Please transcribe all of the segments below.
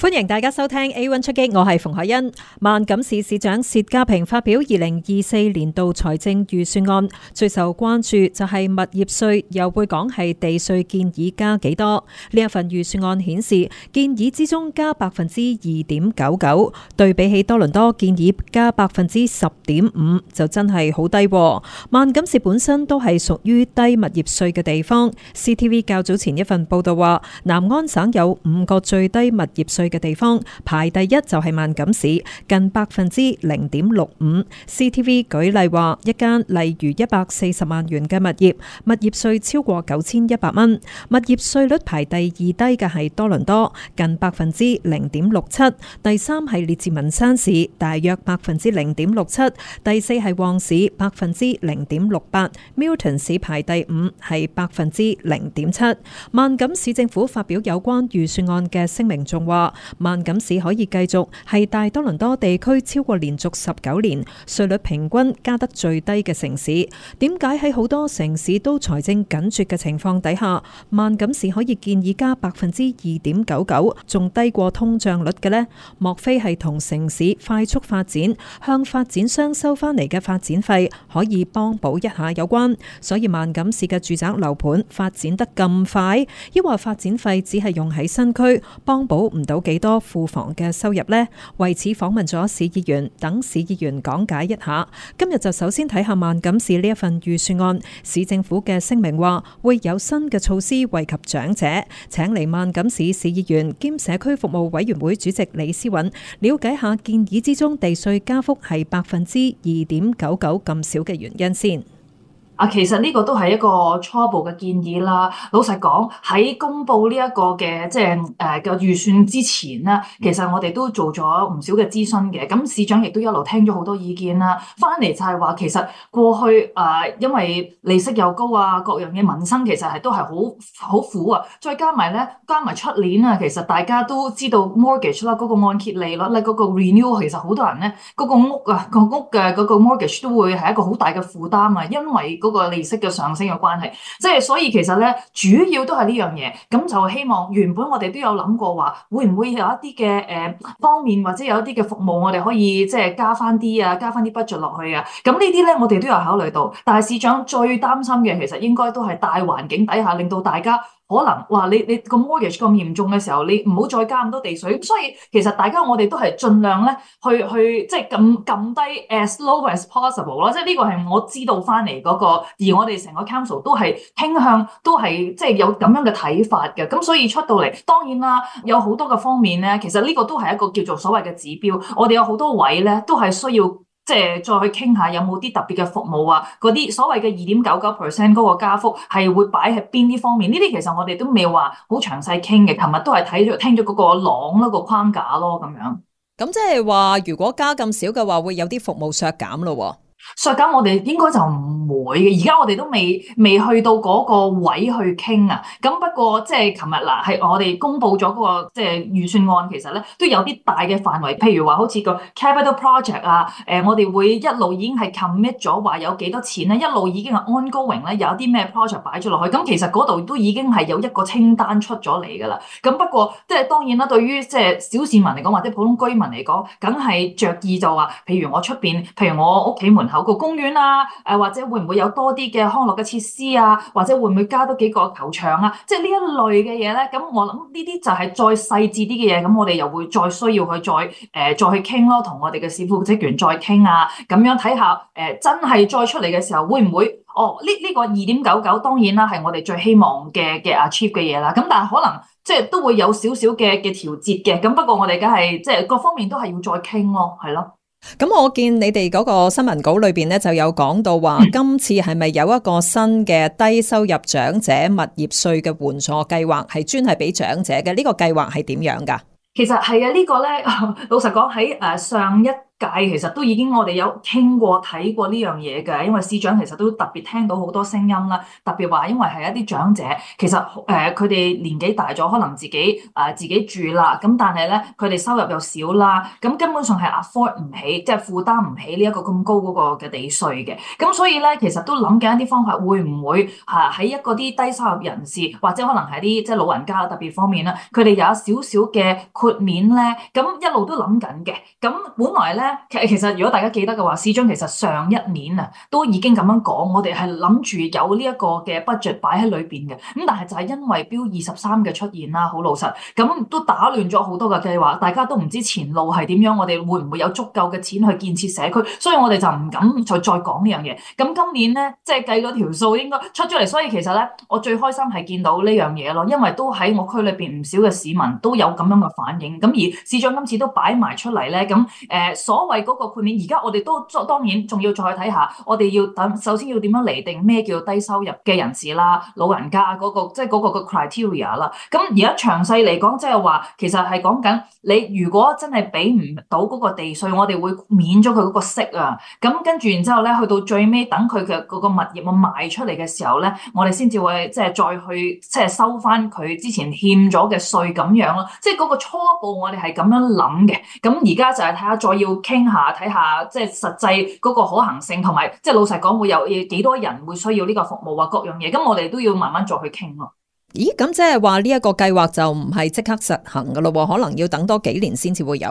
歡迎大家收聽 A1 出擊，我係馮凱欣。萬錦市市長薛家平發表二零二四年度財政預算案，最受關注就係物業稅，又會講係地稅建議加幾多？呢一份預算案顯示，建議之中加百分之二點九九，對比起多倫多建議加百分之十點五，就真係好低。萬錦市本身都係屬於低物業稅嘅地方。CTV 較早前一份報道話，南安省有五個最低物業稅。嘅地方排第一就係萬錦市，近百分之零點六五。C T V 舉例話一間例如一百四十萬元嘅物業物業稅超過九千一百蚊。物業稅率排第二低嘅係多倫多，近百分之零點六七。第三係列治文山市，大約百分之零點六七。第四係旺市，百分之零點六八。Milton 市排第五係百分之零點七。萬錦市政府發表有關預算案嘅聲明，仲話。萬錦市可以繼續係大多倫多地區超過連續十九年稅率平均加得最低嘅城市。點解喺好多城市都財政緊缺嘅情況底下，萬錦市可以建議加百分之二點九九，仲低過通脹率嘅呢？莫非係同城市快速發展向發展商收翻嚟嘅發展費可以幫補一下有關？所以萬錦市嘅住宅樓盤發展得咁快，抑或發展費只係用喺新區幫補唔到嘅？幾多庫房嘅收入呢？為此訪問咗市議員，等市議員講解一下。今日就首先睇下萬錦市呢一份預算案。市政府嘅聲明話會有新嘅措施惠及長者，請嚟萬錦市市議員兼社區服務委員會主席李思韻，了解下建議之中地稅加幅係百分之二點九九咁少嘅原因先。啊，其實呢個都係一個初步嘅建議啦。老實講，喺公布呢一個嘅即係誒嘅預算之前咧，其實我哋都做咗唔少嘅諮詢嘅。咁市長亦都一路聽咗好多意見啦。翻嚟就係話，其實過去啊、呃，因為利息又高啊，各樣嘅民生其實係都係好好苦啊。再加埋咧，加埋出年啊，其實大家都知道 mortgage 啦，嗰個按揭利率，嗰個 renew，其實好多人咧，嗰個屋啊，個屋嘅嗰個 mortgage 都會係一個好大嘅負擔啊，因為、嗰個個利息嘅上升嘅關係，即係所以其實咧，主要都係呢樣嘢。咁就希望原本我哋都有諗過話，會唔會有一啲嘅誒方面，或者有一啲嘅服務我，我哋可以即係加翻啲啊，加翻啲 budget 落去啊。咁呢啲咧，我哋都有考慮到。但係市長最擔心嘅，其實應該都係大環境底下，令到大家。可能話你你個 mortgage 咁嚴重嘅時候，你唔好再加咁多地稅。所以其實大家我哋都係盡量咧，去去即係撳撳低 as low as possible 咯。即係呢個係我知道翻嚟嗰個，而我哋成個 council 都係傾向都係即係有咁樣嘅睇法嘅。咁所以出到嚟，當然啦，有好多嘅方面咧，其實呢個都係一個叫做所謂嘅指標。我哋有好多位咧，都係需要。即係再去傾下，有冇啲特別嘅服務啊？嗰啲所謂嘅二點九九 percent 嗰個加幅係會擺喺邊啲方面？呢啲其實我哋都未話好詳細傾嘅。琴日都係睇咗聽咗嗰個朗嗰個框架咯，咁樣。咁即係話，如果加咁少嘅話，會有啲服務削減咯。說緊我哋應該就唔會嘅，而家我哋都未未去到嗰個位去傾啊。咁不過即係琴日嗱，係我哋公布咗嗰個即係預算案，其實咧都有啲大嘅範圍，譬如話好似個 capital project 啊，誒、呃，我哋會一路已經係 commit 咗話有幾多錢咧，一路已經係 ongoing 咧，有啲咩 project 擺咗落去。咁其實嗰度都已經係有一個清單出咗嚟噶啦。咁不過即係當然啦，對於即係小市民嚟講或者普通居民嚟講，梗係着意就話，譬如我出邊，譬如我屋企門口個公園啊，誒或者會唔會有多啲嘅康樂嘅設施啊，或者會唔會加多幾個球場啊？即係呢一類嘅嘢咧，咁我諗呢啲就係再細緻啲嘅嘢，咁我哋又會再需要去再誒、呃、再去傾咯，同我哋嘅市府職員再傾啊，咁樣睇下誒、呃、真係再出嚟嘅時候會唔會哦？呢、這、呢個二點九九當然啦，係我哋最希望嘅嘅 achieve 嘅嘢啦。咁但係可能即係都會有少少嘅嘅調節嘅。咁不過我哋而梗係即係各方面都係要再傾咯，係咯。咁我見你哋嗰個新聞稿裏邊咧，就有講到話，今次係咪有一個新嘅低收入長者物業稅嘅援助計劃，係專係俾長者嘅？呢個計劃係點樣噶？其實係啊，呢個咧，老實講喺誒上一。計其實都已經我哋有傾過睇過呢樣嘢嘅，因為市長其實都特別聽到好多聲音啦，特別話因為係一啲長者，其實誒佢哋年紀大咗，可能自己誒、呃、自己住啦，咁但係咧佢哋收入又少啦，咁根本上係 afford 唔起，即係負擔唔起呢一個咁高嗰個嘅地稅嘅，咁所以咧其實都諗緊一啲方法會會，會唔會嚇喺一個啲低收入人士或者可能係啲即係老人家特別方面啦，佢哋有一少少嘅豁免咧，咁一路都諗緊嘅，咁本來咧。其實如果大家記得嘅話，市長其實上一年啊都已經咁樣講，我哋係諗住有呢一個嘅 budget 擺喺裏邊嘅。咁但係就係因為 Bill 23嘅出現啦，好老實，咁都打亂咗好多嘅計劃，大家都唔知前路係點樣。我哋會唔會有足夠嘅錢去建設社區？所以我哋就唔敢再再講呢樣嘢。咁今年咧，即係計咗條數應該出咗嚟，所以其實咧，我最開心係見到呢樣嘢咯，因為都喺我區裏邊唔少嘅市民都有咁樣嘅反應。咁而市長今次都擺埋出嚟咧，咁誒、呃、所。所謂嗰個豁免，而家我哋都當然仲要再睇下，我哋要等首先要點樣釐定咩叫低收入嘅人士啦，老人家嗰、嗰個即係嗰個嘅 criteria 啦。咁而家詳細嚟講，即係話其實係講緊你如果真係俾唔到嗰個地稅，我哋會免咗佢嗰個息啊。咁跟住然之後咧，去到最尾等佢嘅嗰個物業啊賣出嚟嘅時候咧，我哋先至會即係再去即係、即係、收翻佢之前欠咗嘅稅咁樣咯。即係嗰個初步我哋係咁樣諗嘅。咁而家就係睇下再要。傾下睇下，看看即係實際嗰個可行性同埋，即係老實講會有幾多人會需要呢個服務啊？各樣嘢咁，我哋都要慢慢再去傾咯。咦？咁即係話呢一個計劃就唔係即刻實行噶咯？可能要等多幾年先至會有。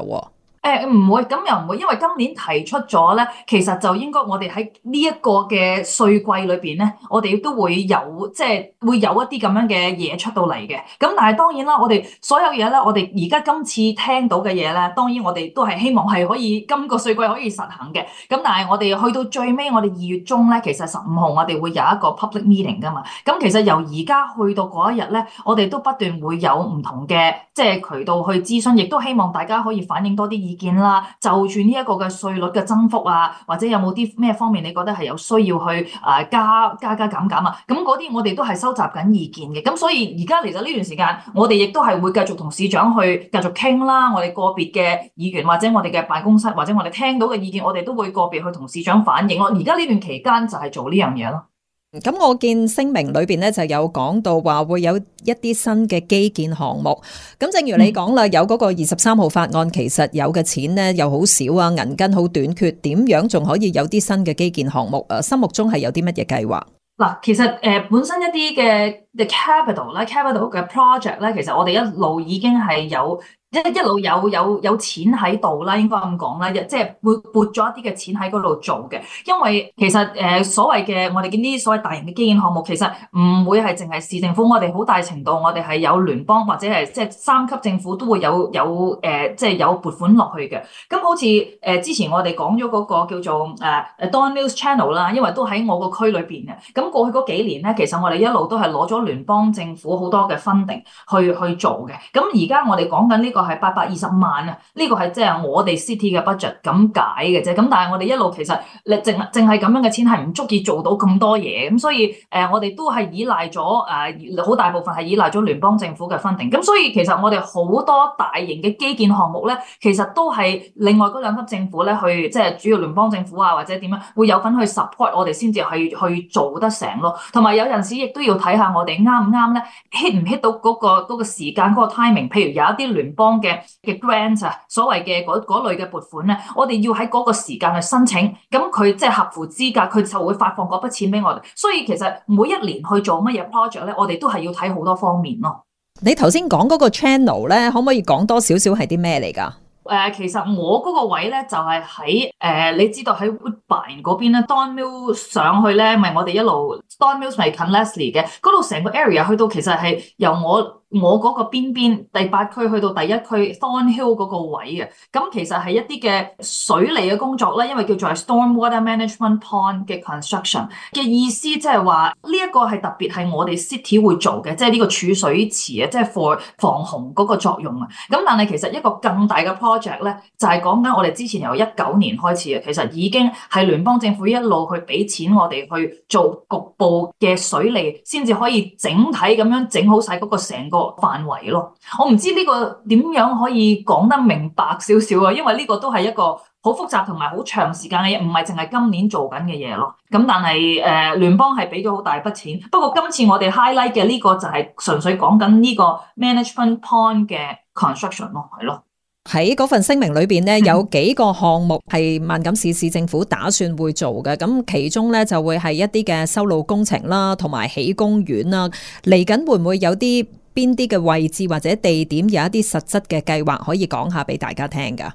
誒唔會，咁又唔會，因為今年提出咗咧，其實就應該我哋喺呢一個嘅稅季裏邊咧，我哋都會有，即係會有一啲咁樣嘅嘢出到嚟嘅。咁但係當然啦，我哋所有嘢咧，我哋而家今次聽到嘅嘢咧，當然我哋都係希望係可以今個稅季可以實行嘅。咁但係我哋去到最尾，我哋二月中咧，其實十五號我哋會有一個 public meeting 噶嘛。咁其實由而家去到嗰一日咧，我哋都不斷會有唔同嘅即係渠道去諮詢，亦都希望大家可以反映多啲。意見啦，就住呢一個嘅稅率嘅增幅啊，或者有冇啲咩方面你覺得係有需要去啊加加加減減啊？咁嗰啲我哋都係收集緊意見嘅，咁所以而家嚟到呢段時間，我哋亦都係會繼續同市長去繼續傾啦。我哋個別嘅議員或者我哋嘅辦公室或者我哋聽到嘅意見，我哋都會個別去同市長反映咯。而家呢段期間就係做呢樣嘢咯。咁我見聲明裏邊咧，就有講到話會有一啲新嘅基建項目。咁正如你講啦，有嗰個二十三號法案，其實有嘅錢咧又好少啊，銀根好短缺，點樣仲可以有啲新嘅基建項目？誒，心目中係有啲乜嘢計劃？嗱，其實誒、呃，本身一啲嘅 the capital 咧，capital 嘅 project 咧，其實我哋一路已經係有。一一路有有有錢喺度啦，應該咁講啦，即係撥撥咗一啲嘅錢喺嗰度做嘅。因為其實誒、呃、所謂嘅，我哋見啲所謂大型嘅基建項目，其實唔會係淨係市政府。我哋好大程度，我哋係有聯邦或者係即係三級政府都會有有誒、呃，即係有撥款落去嘅。咁、嗯、好似誒、呃、之前我哋講咗嗰個叫做誒誒、呃、Don News Channel 啦，因為都喺我個區裏邊嘅。咁、嗯、過去嗰幾年咧，其實我哋一路都係攞咗聯邦政府好多嘅 funding 去去，去做嘅。咁而家我哋講緊呢個。係八百二十萬啊！呢個係即係我哋 city 嘅 budget 咁解嘅啫。咁但係我哋一路其實，你淨淨係咁樣嘅錢係唔足以做到咁多嘢。咁、嗯、所以誒、呃，我哋都係依賴咗誒好大部分係依賴咗聯邦政府嘅 funding，咁所以其實我哋好多大型嘅基建項目咧，其實都係另外嗰兩級政府咧，去即係主要聯邦政府啊，或者點樣會有份去 support 我哋先至係去做得成咯。同埋有陣時亦都要睇下我哋啱唔啱咧，hit 唔 hit 到嗰個嗰個時間嗰個 timing。譬如有一啲聯邦。嘅嘅 grants 啊，所謂嘅嗰類嘅撥款咧，我哋要喺嗰個時間去申請，咁佢即係合乎資格，佢就會發放嗰筆錢俾我哋。所以其實每一年去做乜嘢 project 咧，我哋都係要睇好多方面咯。你頭先講嗰個 channel 咧，可唔可以講多少少係啲咩嚟噶？誒、呃，其實我嗰個位咧就係喺誒，你知道喺 Woodbine 嗰邊咧，Don Mills 上去咧，咪、就是、我哋一路。Don Mills 咪近 Leslie 嘅，嗰度成個 area 去到其實係由我我個邊邊第八區去到第一區 Thornhill 個位嘅，咁其實係一啲嘅水利嘅工作咧，因為叫做係 stormwater management pond 嘅 construction 嘅意思，即係話呢一個係特別係我哋 city 會做嘅，即係呢個儲水池啊，即係 for 防洪個作用啊。咁但係其實一個更大嘅 project 咧，就係講緊我哋之前由一九年開始嘅，其實已經係聯邦政府一路去俾錢我哋去做局部。嘅水利先至可以整體咁樣整好晒嗰個成個範圍咯。我唔知呢個點樣可以講得明白少少啊？因為呢個都係一個好複雜同埋好長時間嘅嘢，唔係淨係今年做緊嘅嘢咯。咁但係誒聯邦係俾咗好大筆錢。不過今次我哋 highlight 嘅呢個就係純粹講緊呢個 management point 嘅 construction 咯，係咯。喺嗰份聲明裏邊呢，有幾個項目係萬錦市市政府打算會做嘅，咁其中呢，就會係一啲嘅修路工程啦，同埋起公園啦。嚟緊會唔會有啲邊啲嘅位置或者地點有一啲實質嘅計劃可以講下俾大家聽㗎？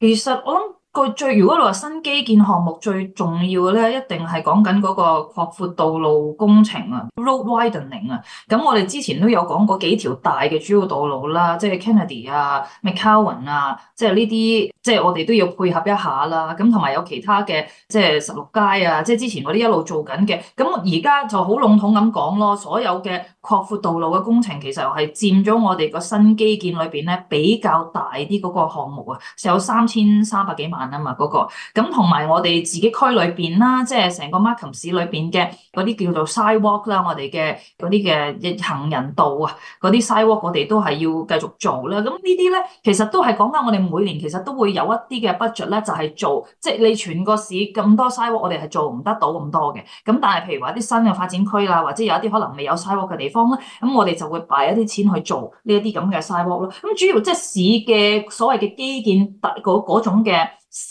其實我、哦、～個最如果你話新基建項目最重要嘅咧，一定係講緊嗰個擴闊道路工程啊，road widening 啊。咁我哋之前都有講過幾條大嘅主要道路啦，即係 Kennedy 啊、McCowan 啊，即係呢啲。即係我哋都要配合一下啦，咁同埋有其他嘅，即係十六街啊，即係之前嗰啲一路做緊嘅，咁而家就好籠統咁講咯。所有嘅擴闊道路嘅工程其實係佔咗我哋個新基建裏邊咧比較大啲嗰個項目、那個、3, 啊，有三千三百幾萬啊嘛嗰個。咁同埋我哋自己區裏邊啦，即係成個 Markham 市裏邊嘅嗰啲叫做 sidewalk 啦，我哋嘅嗰啲嘅行人道啊，嗰啲 sidewalk 我哋都係要繼續做啦。咁呢啲咧其實都係講緊我哋每年其實都會有一啲嘅 budget 咧，就係做即係你全個市咁多 s i 篩屋，我哋係做唔得到咁多嘅。咁但係譬如話啲新嘅發展區啦，或者有一啲可能未有 s i 篩屋嘅地方咧，咁我哋就會擺一啲錢去做呢一啲咁嘅 s i 篩屋咯。咁主要即係市嘅所謂嘅基建嗰嗰種嘅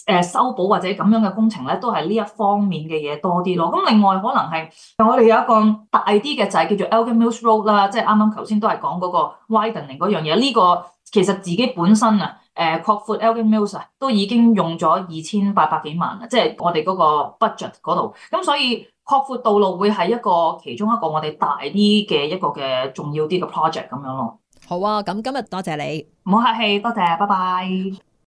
誒修補或者咁樣嘅工程咧，都係呢一方面嘅嘢多啲咯。咁另外可能係我哋有一個大啲嘅就係叫做 Elgin Mills Road 啦，即係啱啱頭先都係講嗰個 w i d e n i n g 嗰樣嘢。呢、這個其實自己本身啊～誒擴、嗯、闊 Elgin Mills 啊，都已經用咗二千八百幾萬啦，即係我哋嗰個 budget 嗰度。咁、啊、所以擴闊道路會係一個其中一個我哋大啲嘅一個嘅重要啲嘅 project 咁樣咯。好啊，咁今日多謝你，唔好客氣，多謝，拜拜。